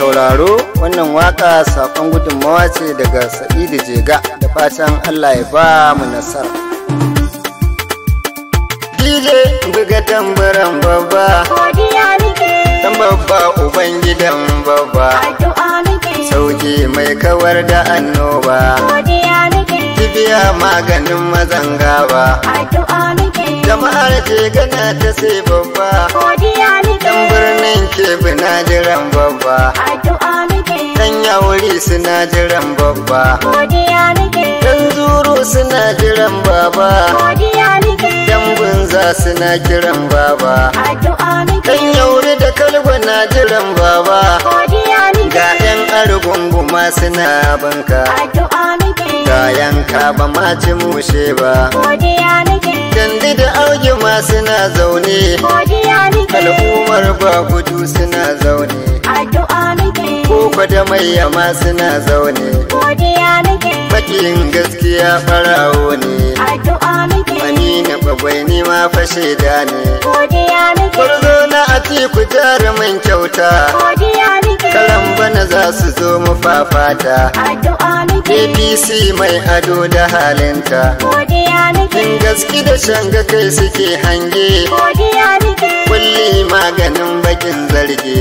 sauraro wannan waka sakon gudunmawa ce daga sa'idu jega da fatan allah ya ba mu nasara dj buga tambaran babba dan ubangidan baba addu'a babba sauki mai kawar da annoba kibiya maganin addu'a gaba jama'ar ce gana ta sai babba birnin kebi na jiran babba addu'a muke dan yawuri suna jiran babba godiya muke dan zuru suna jiran baba godiya muke dan bunza suna jiran baba addu'a muke dan yauri da kalba na jiran baba godiya muke ga yan argunguma suna banka kayan ka ba ma ci mushe ba dandi da auge ma suna zaune al'ummar ba gudu suna zaune koko da maiya ma suna zaune bakin gaskiya farawo ne na babai ni ma fashe da ne Kurzo na atiku jarumin kyauta su zo mu fafata apc mai ado da halinta kin gaski da shanga kai suke hange kulli maganin bakin zarge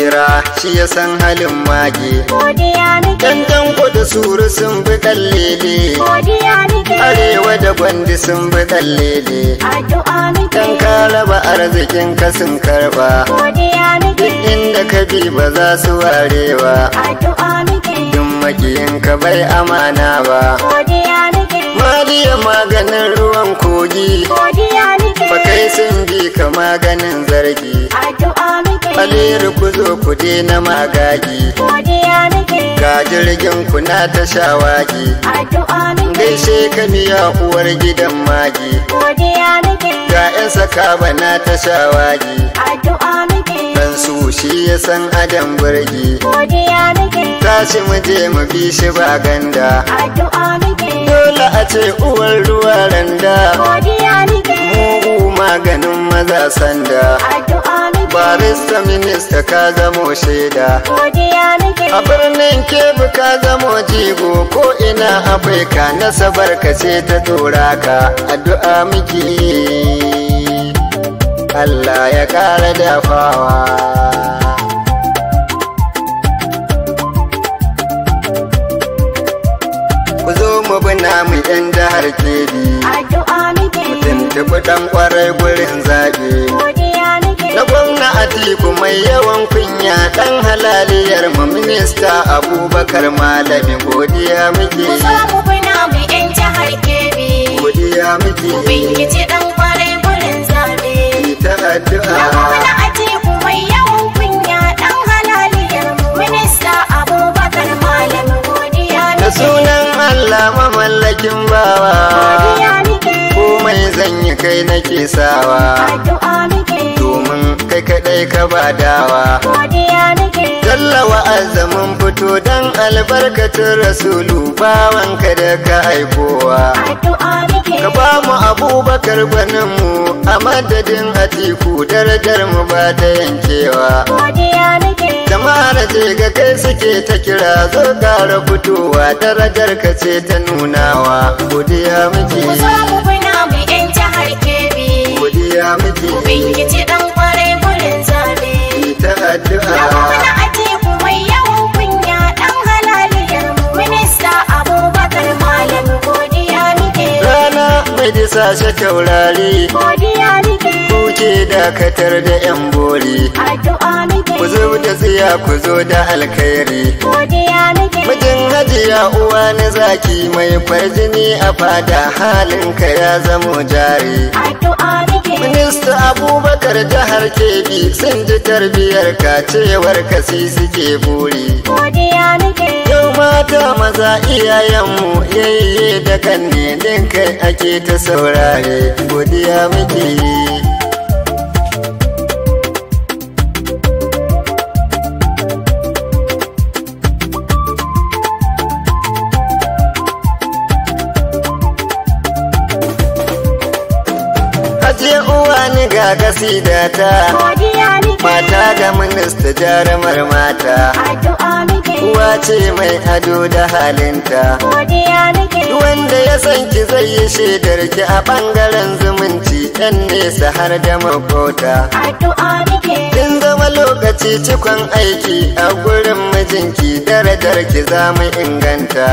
bera shi ya san halin mage Dandan kudu suru sun bi kallele Arewa da gwandi sun bi kallele Dan ka arzikin ka sun karba Duk inda ka bi ba za su ware ba Duk makiyin ka bai amana ba Maliya maganin ruwan kogi Ba kai sun bi ka maganin zargi faliru ku zo ku je na magagi ga jirgin ku na ta shawagi gaishe ka miya uwar gidan magi ga 'yan saka na ta shawagi dan su shi ya san adam burgi tashi mu je mu bi shi ba ganda dole a ce uwar ruwa randa mugu maganin maza sanda barista minista ka zamo shaida a birnin kebu ka zamo jigo ko ina afirka nasabar ka ce ta tura ka addu'a miki Allah ya ƙara dafawa zo mu yan jihar Kebbi. Addu'a miki. Mutum tafi ɗan ƙwarai gurin zaɓe. Godiya na gwamna atiku mai yawan kunya dan halaliyar mu minista abubakar malami godiya muke ku zo ku kuna mu yan jihar kebe godiya muke ubangiji dan kwarai gurin zabe ta addu'a na gwamna mai yawan kunya mu minista abubakar godiya sunan allah mamallakin bawa godiya komai zan yi kai na nake sawa domin kai kaɗai ka ba dawa wa azamin fito don albarkatun rasulu bawanka da ka aikowa ka ba mu abubakar gwaninmu a madadin atiku darajar mu ba ta yankewa Tamara ce ga kai suke ta kira zo kara fitowa darajar ka ce ta nunawa godiya muke mu yan jihar Kebbi. Godiya muke. Ubangiji dan kwarai zabe. Ta addu'a. Da kuma na atiku mai yawan kunya ɗan halaliyar mu minista Abubakar Malam godiya muke. Rana mai disa taurari. Godiya ke dakatar da yan bori ku zo da tsiya ku zo da alkhairi mijin hajiya uwa na zaki mai farjini a fada halinka ya zamo jari minista abubakar jihar kebi sun ji tarbiyar ka cewar kasi suke buri yau mata maza iyayenmu yayye da kan ne kai ake ta saurare godiya muke yi uwa ni ga kasida ta mata da minista jarumar mata uwa ce mai ado da halinta wanda ya san ki zai yi shaidar ki a bangaren zumunci yan nesa har da makota kin zama lokaci cikon aiki a gurin mijinki darajar ki za mu inganta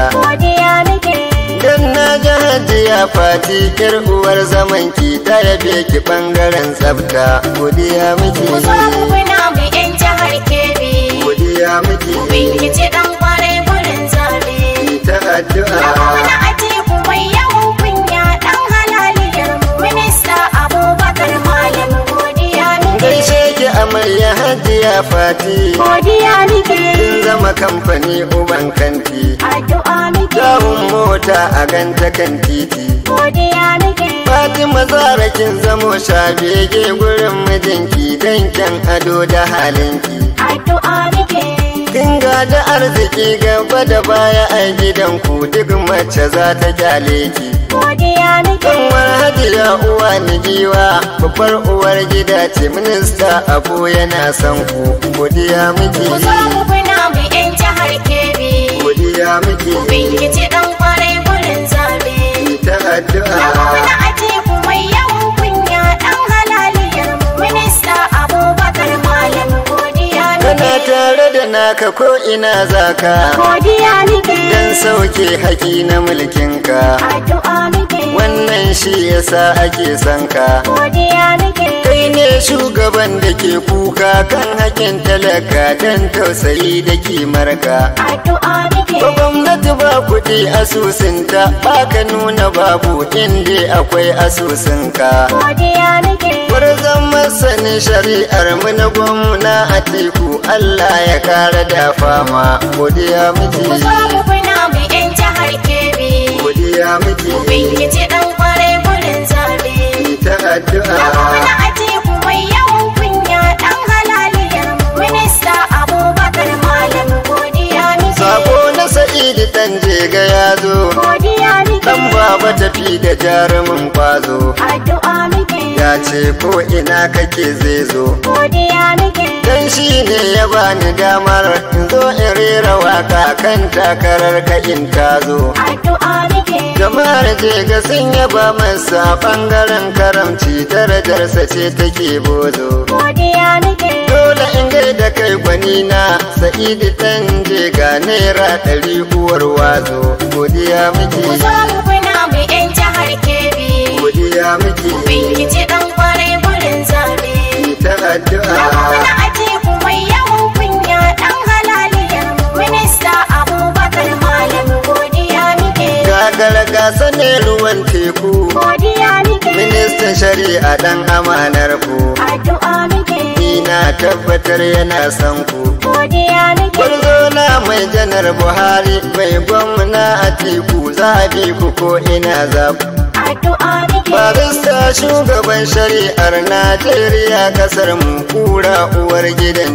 Idan na ga hajiya fati yar uwar zaman ki ta yabe ki bangaren tsafta godiya miki. Ku zo ku muna mu yan jihar Kebbi. Godiya miki. Ku Ubangiji dan kwarai gurin zabe. Ta addu'a. Muna aji ku mai yawan kunya dan halaliyar mu minista Abubakar Malam godiya miki. Gaishe ki amarya hajiya fati. Godiya miki. Kin zama kamfani uban kanti. Addu'a. ɓarawun mota a ganta kan titi Fatima zara kin zamo shabege gurin mijinki don ado da halinki Kin da arziki gaba da baya a gidan ku duk mace za ta kyale ki Kanwar hadiya uwa ni giwa babbar uwar gida ce minista abu yana son ku godiya muke Ku zo mu bina mu 'yan jihar ke godiya muke ubangiji dan kwarai gurin zabe ta addu'a na yawan kunya dan mu minista abubakar tare da naka ko ina zaka godiya dan sauke haƙi na mulkin addu'a wannan shi yasa ake son godiya kai ne shugaban da ke kuka kan hakin talaka don tausayi da marka Ba gwamnati ba kuɗi asusunta ba ka nuna babu inda akwai asusunka. Gwarzon masani shari'ar mu na gwamna a teku Allah ya kara da fama. Godiya muke. Ku zo mu 'yan jihar Kebbi. Godiya muke. Ubangiji dan jega ya zo dan baba tafi da jarumin kwazo ya ce ko ina kake zai zo shi ne ya bani damar zo in rera waka kan takarar ka in ka zo je ga sun yaba masa bangaren karamci darajarsa ce take bozo dole in da kai gwani na t'an je ga naira ɗari uwar wazo godiya muke godiya muke ubangiji dan kwarai gurin zabe Ita addu'a ruwan teku ministan shari'a dan amanar ku ina tabbatar yana son ku na mai janar buhari mai gwamna a teku za a bi ku ko ina za ku barista shugaban shari'ar najeriya kasar mu kura uwar gida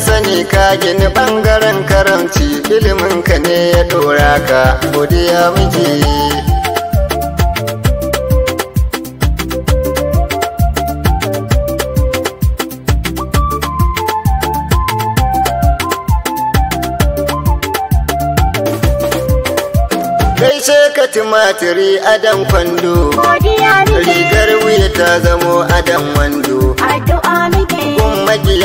sani ka gini bangaren karamci ilimin ka ne ya dora ka godiya muke gaishe ka tumatiri adam kwando rigar wuya ta zamo adam wando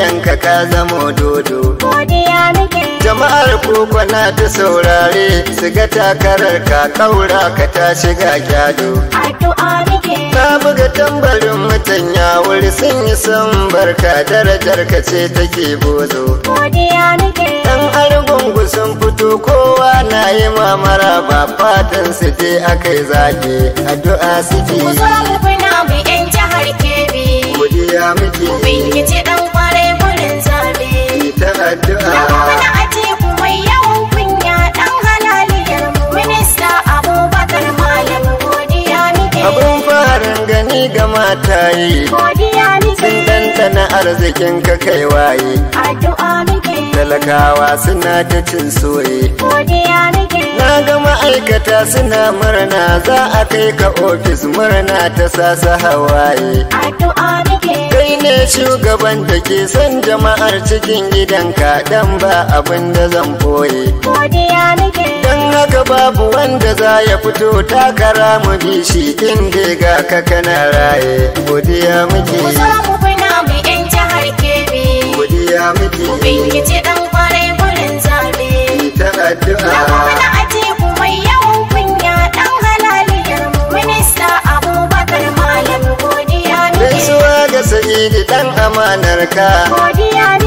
yanka ka zamo dodo godiya muke jama'ar koko na ta saurare su ga takarar ka kaura ka ta shiga gyado addu'a muke ka buga tambarin mutan ya wuri sun yi san barka darajar ka ce take bozo godiya muke dan argungu sun fito kowa na yi mamara ba fatan su je akai zage addu'a suke ku zo mu fina mu yan jihar godiya muke ubangiji dan addu'a Gwamna Atiku mai yawan kunya ɗan halaliyar minista Abubakar Malam gani ga mataye Sun dantana arzikin ka kai waye Talakawa suna ta cin soye Na ga ma'aikata suna murna za a kai ka ofis murna ta sasa hawaye ne shugaban da ke son jama'ar cikin gidanka dan ba abin da zan boye don haka babu wanda za ya fito takara mu bi shi in ga ka kana raye godiya muke godiya muke ci dan kwarai gurin zabe ta addu'a kan amanar ka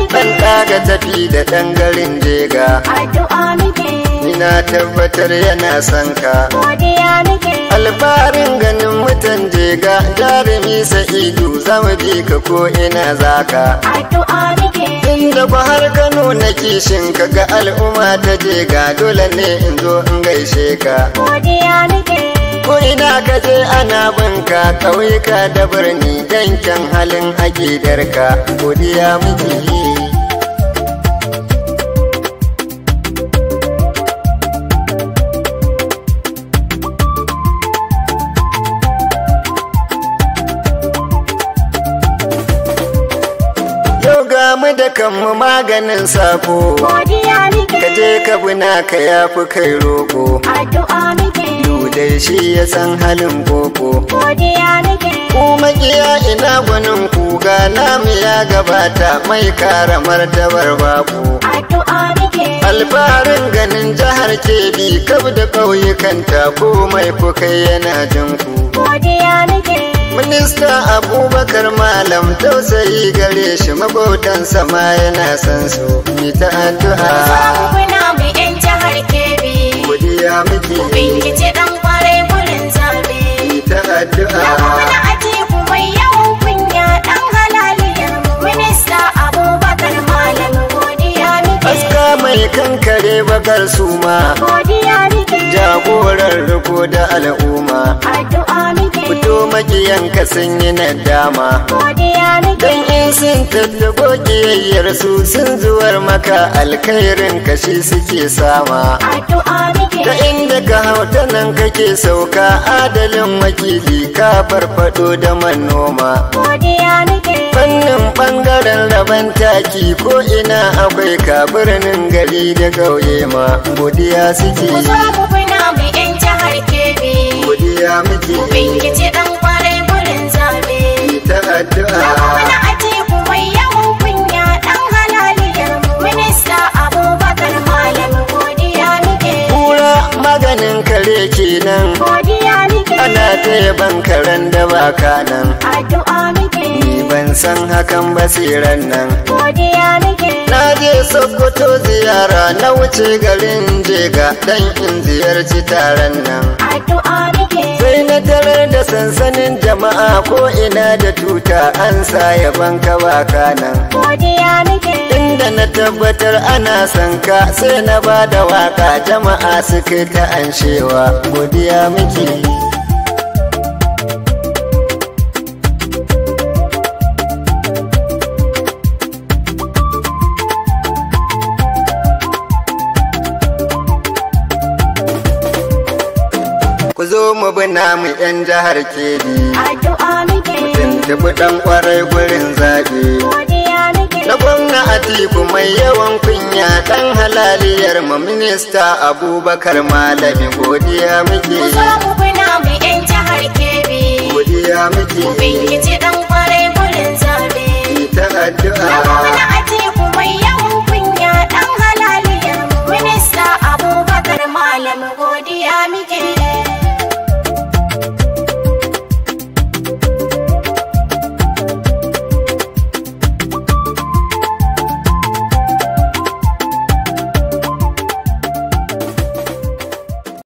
Ban ɗaga tafi da ɗan garin jega ina tabbatar yana son ka alfarin ganin mutan jega jarumi sa'idu zamu bi ka ko ina zaka inda ba har kano na kishin ka ga al'umma ta jega dole ne in zo in gaishe ka ko ina ka je ana binka ƙauyuka da birni don halin aƙidarka godiya muke yi mu da kanmu maganin sako Godiya Ka je ka bina ka yafi kai roko. Addu'a kai shi ya san halin koko. Ku magiya ina gwanin kuga namu ya gabata mai kara martabar baku. Alfarin ganin jihar bi kab da ƙauyukanta ko mai kai yana jinku. Minista Abubakar Malam tausayi gare shi maƙotansa sama yana san su. Ni ta addu'a. Kuna mu 'yan jihar Kebbi. Godiya muke. addu'a aji kuma yawan kunya dan halaliyar minista abubakar malam godiya muke aska mai kankare bakar suma godiya muke jagorar riko da al'umma fito makiyanka sun yi nadama don in sun tafi kiyayyar su sun zuwar maka alkhairin kashi suke sama ta inda ka hau ta nan kake sauka adalin makili ka farfado da manoma fannin ɓangaren raban taki ko ina akwai ka gari da kauye ma godiya suke yi kira muke ubangiji dan kwarai gurin zabe ta addu'a na aji mai yawan kunya dan halaliyar minista abubakar malam godiya muke kura maganin kare kenan godiya ana ta yaban karen da baka nan addu'a ban san hakan ba siran nan na je sokoto ziyara na wuce garin jega dan in ziyarci taron nan sai na tarar da sansanin jama'a ko ina da tuta an sa banka kawaka nan inda na tabbatar ana sanka sai na bada da waka jama'a suke ta anshewa godiya muke zo mu 'yan jihar kedi Tuntuɓi ɗan ƙwarai gurin zaɓe. Na gwamna Atiku mai yawan kunya ɗan halaliyar mu minista Abubakar Malami godiya muke. Mu 'yan jihar ɗan ƙwarai gurin zaɓe. Ita addu'a.